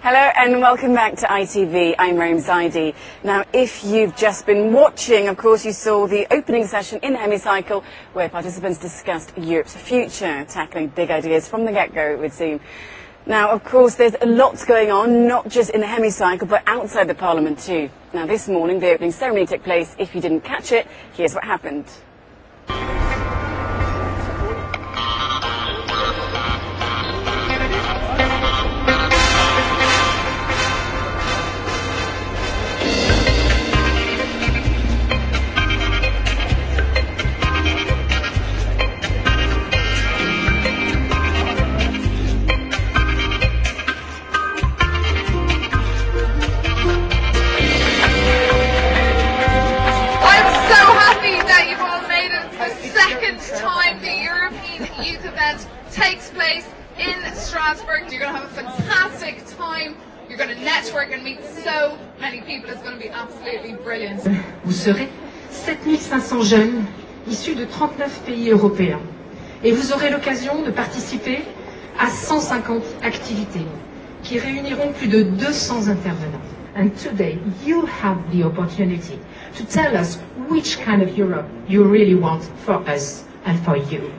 Hello and welcome back to ITV. I'm Rome Zaidi. Now, if you've just been watching, of course, you saw the opening session in Hemicycle where participants discussed Europe's future, tackling big ideas from the get-go, it would seem. Now, of course, there's a lot going on, not just in the hemicycle, but outside the Parliament too. Now, this morning, the opening ceremony took place. If you didn't catch it, here's what happened. time the European Youth Event takes place in Strasbourg. You're going to have a fantastic time. You're going to network and meet so many people. It's going to be absolutely brilliant. Vous serez 7500 jeunes issus de 39 pays européens. Et vous aurez l'occasion de participer à 150 activités qui réuniront plus de 200 intervenants. And today you have the opportunity to tell us which kind of Europe you really want for us and for you.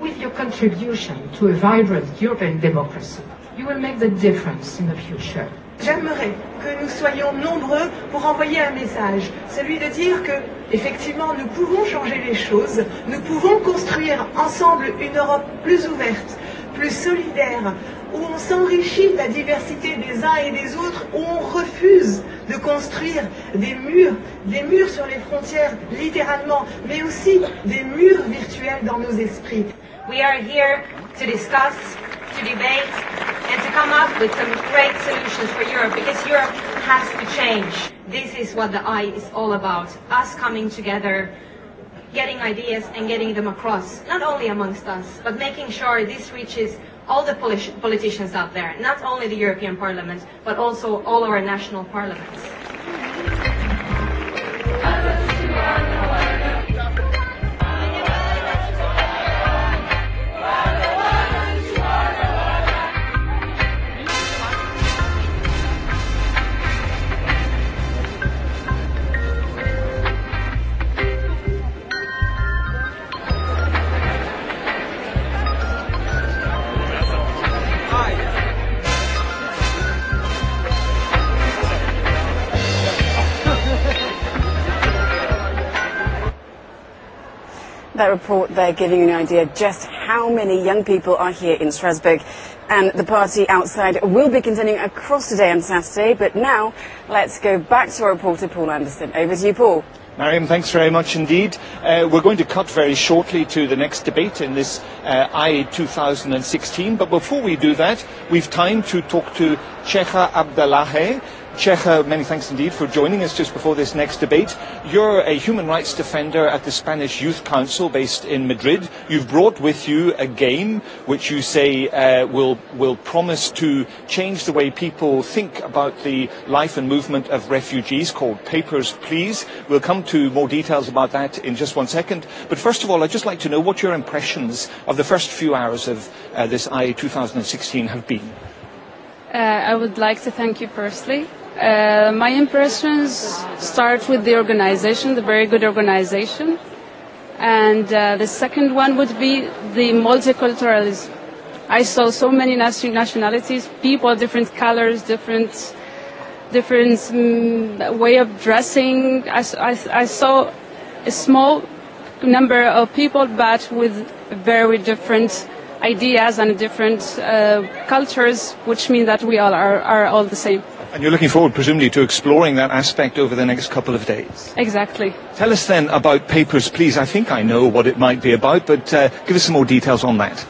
With your contribution to a vibrant European democracy, you will make the difference in the future. J'aimerais que nous soyons nombreux pour envoyer un message, celui de dire que, effectivement, nous pouvons changer les choses, nous pouvons construire ensemble une Europe plus ouverte, plus solidaire, où on s'enrichit de la diversité des uns et des autres, où on refuse de construire des murs, des murs sur les frontières, littéralement, mais aussi des murs virtuels dans nos esprits. We are here to discuss, to debate, and to come up with some great solutions for Europe, because Europe has to change. This is what the I is all about, us coming together, getting ideas and getting them across, not only amongst us, but making sure this reaches all the politi- politicians out there, not only the European Parliament, but also all our national parliaments. that report there giving you an idea just how many young people are here in Strasbourg. And the party outside will be continuing across today on Saturday. But now, let's go back to our reporter, Paul Anderson. Over to you, Paul. Mariam, thanks very much indeed. Uh, we're going to cut very shortly to the next debate in this uh, IE 2016, but before we do that, we've time to talk to Checha Abdallahe. Checha, many thanks indeed for joining us just before this next debate. You're a human rights defender at the Spanish Youth Council based in Madrid. You've brought with you a game which you say uh, will, will promise to change the way people think about the life and movement of refugees called Papers, Please. We'll come to more details about that in just one second. But first of all, I'd just like to know what your impressions of the first few hours of uh, this IA 2016 have been. Uh, I would like to thank you firstly Uh, my impressions start with the organization, the very good organization. And uh, the second one would be the multiculturalism. I saw so many nationalities, people, different colors, different different um, way of dressing. I, I, I saw a small number of people, but with very different ideas and different uh, cultures, which means that we all are, are all the same. And you're looking forward, presumably, to exploring that aspect over the next couple of days. Exactly. Tell us then about Papers, Please. I think I know what it might be about, but uh, give us some more details on that.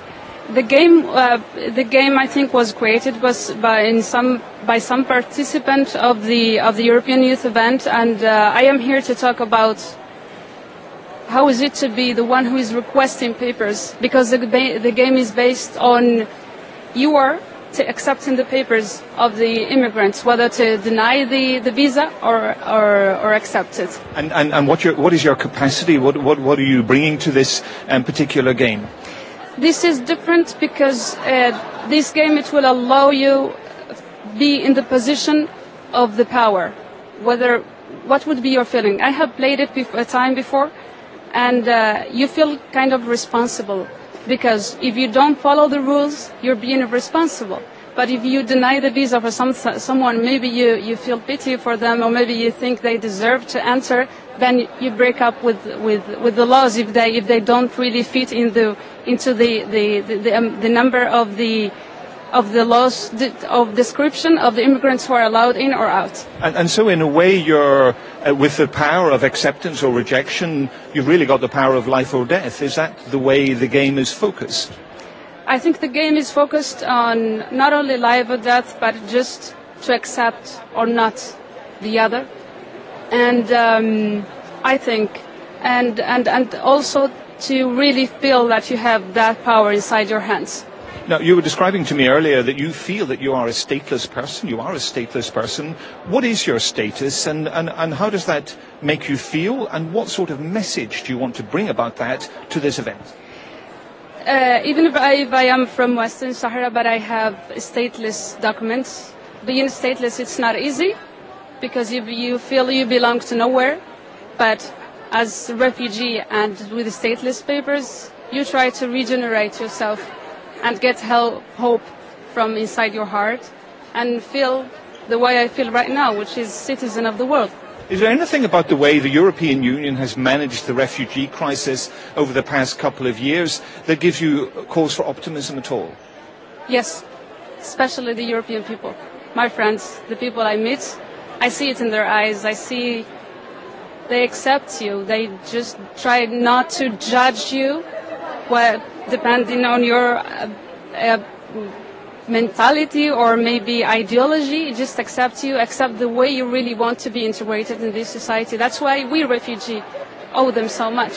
The game, uh, the game, I think, was created was by in some by some participant of the of the European Youth Event, and uh, I am here to talk about how is it to be the one who is requesting papers because the, the game is based on you are to accepting the papers of the immigrants, whether to deny the, the visa or, or, or accept it. And, and, and what, your, what is your capacity? What, what, what are you bringing to this um, particular game? This is different because uh, this game it will allow you be in the position of the power. Whether what would be your feeling? I have played it before, a time before, and uh, you feel kind of responsible because if you don't follow the rules, you're being irresponsible. But if you deny the visa for some, someone, maybe you, you feel pity for them, or maybe you think they deserve to enter, then you break up with, with, with the laws if they, if they don't really fit in the, into the, the, the, the, um, the number of the of the laws of description of the immigrants who are allowed in or out. And, and so, in a way, you're uh, with the power of acceptance or rejection. You've really got the power of life or death. Is that the way the game is focused? I think the game is focused on not only life or death, but just to accept or not the other. And um, I think, and, and, and also to really feel that you have that power inside your hands Now, you were describing to me earlier that you feel that you are a stateless person. You are a stateless person. What is your status and, and, and how does that make you feel? And what sort of message do you want to bring about that to this event? Uh, even if I, if I am from Western Sahara, but I have stateless documents, being stateless, it's not easy because you, you feel you belong to nowhere. But as a refugee and with stateless papers, you try to regenerate yourself and get help, hope from inside your heart and feel the way I feel right now, which is citizen of the world. Is there anything about the way the European Union has managed the refugee crisis over the past couple of years that gives you cause for optimism at all? Yes, especially the European people, my friends, the people I meet. I see it in their eyes. I see they accept you. They just try not to judge you well, depending on your uh, uh, mentality or maybe ideology, just accept you, accept the way you really want to be integrated in this society. That's why we refugees owe them so much.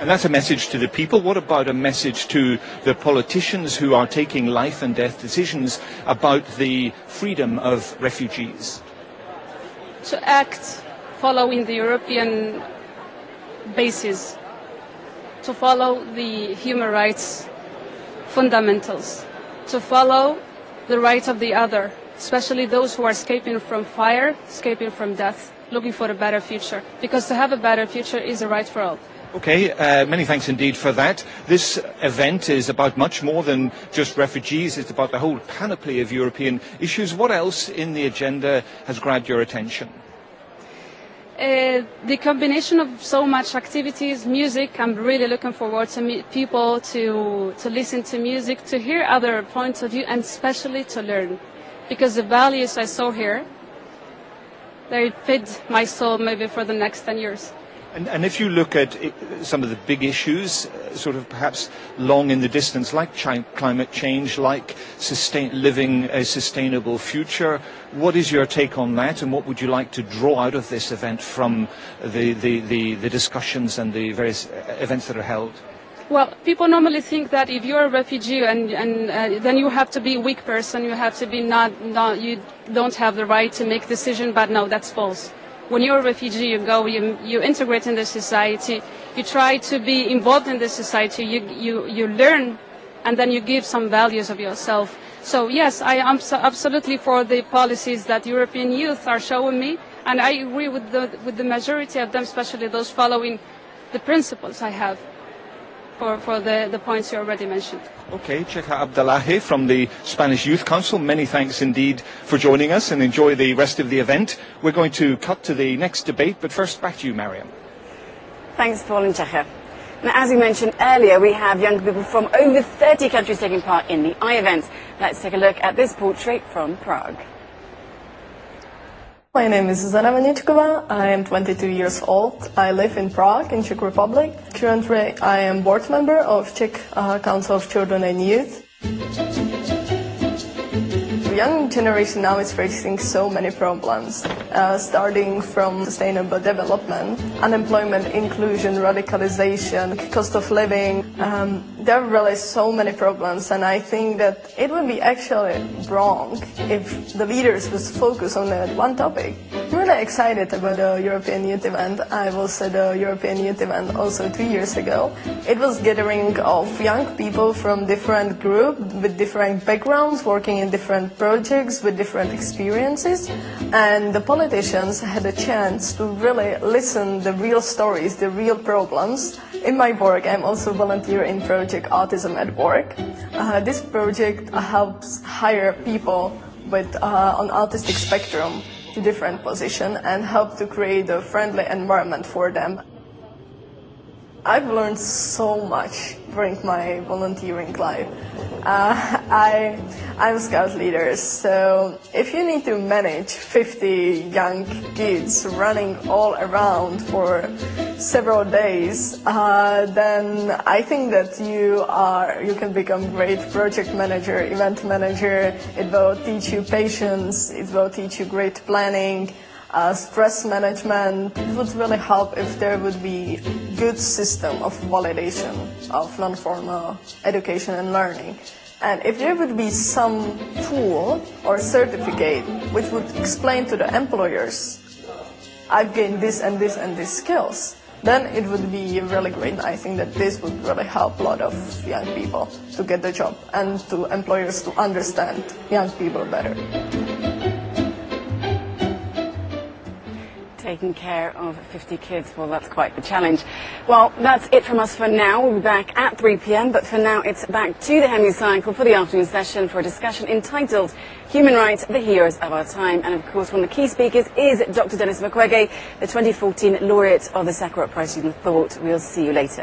And that's a message to the people. What about a message to the politicians who are taking life and death decisions about the freedom of refugees? To act following the European basis to follow the human rights fundamentals, to follow the rights of the other, especially those who are escaping from fire, escaping from death, looking for a better future. Because to have a better future is a right for all. Okay, uh, many thanks indeed for that. This event is about much more than just refugees. It's about the whole panoply of European issues. What else in the agenda has grabbed your attention? uh, the combination of so much activities, music, I'm really looking forward to meet people, to, to listen to music, to hear other points of view, and especially to learn. Because the values I saw here, they fit my soul maybe for the next 10 years. And, and if you look at it, some of the big issues, uh, sort of perhaps long in the distance, like chi- climate change, like sustain- living a sustainable future, what is your take on that, and what would you like to draw out of this event from the, the, the, the discussions and the various uh, events that are held? Well, people normally think that if you're a refugee and, and uh, then you have to be a weak person, you have to be not, not, you don't have the right to make decision, but no, that's false when you're a refugee, you go, you, you integrate in the society, you try to be involved in the society, you, you, you learn, and then you give some values of yourself. So yes, I am so absolutely for the policies that European youth are showing me, and I agree with the, with the majority of them, especially those following the principles I have for, for the, the points you already mentioned. Okay, Cheka Abdalahi from the Spanish Youth Council, many thanks indeed for joining us and enjoy the rest of the event. We're going to cut to the next debate, but first back to you, Mariam. Thanks, Paul and Cheka. Now, as we mentioned earlier, we have young people from over 30 countries taking part in the I events. Let's take a look at this portrait from Prague. My name is Zuzana Vanichkova. I am 22 years old. I live in Prague, in Czech Republic. Currently, I am board member of Czech uh, Council of Children and Youth young generation now is facing so many problems, uh, starting from sustainable development, unemployment, inclusion, radicalization, cost of living. Um, there are really so many problems, and I think that it would be actually wrong if the leaders would focus on that one topic really excited about the European Youth Event. I was at the European Youth Event also two years ago. It was gathering of young people from different groups with different backgrounds, working in different projects with different experiences, and the politicians had a chance to really listen the real stories, the real problems. In my work, I'm also volunteer in project Autism at Work. Uh, this project helps hire people with uh, on autistic spectrum to different positions and help to create a friendly environment for them. I've learned so much during my volunteering life. Uh, I, I'm a scout leader, so if you need to manage 50 young kids running all around for several days, uh, then I think that you are you can become great project manager, event manager. It will teach you patience. It will teach you great planning uh, stress management. It would really help if there would be good system of validation of non-formal uh, education and learning. And if there would be some tool or certificate which would explain to the employers, I've gained this and this and these skills, then it would be really great. I think that this would really help a lot of young people to get the job and to employers to understand young people better. taking care of 50 kids, well, that's quite the challenge. Well, that's it from us for now. We'll be back at 3 p.m., but for now, it's back to the Hemicycle for the afternoon session for a discussion entitled Human Rights, the Heroes of Our Time. And of course, one of the key speakers is Dr. Dennis McQuege, the 2014 laureate of the Sakharov Prize in Thought. We'll see you later.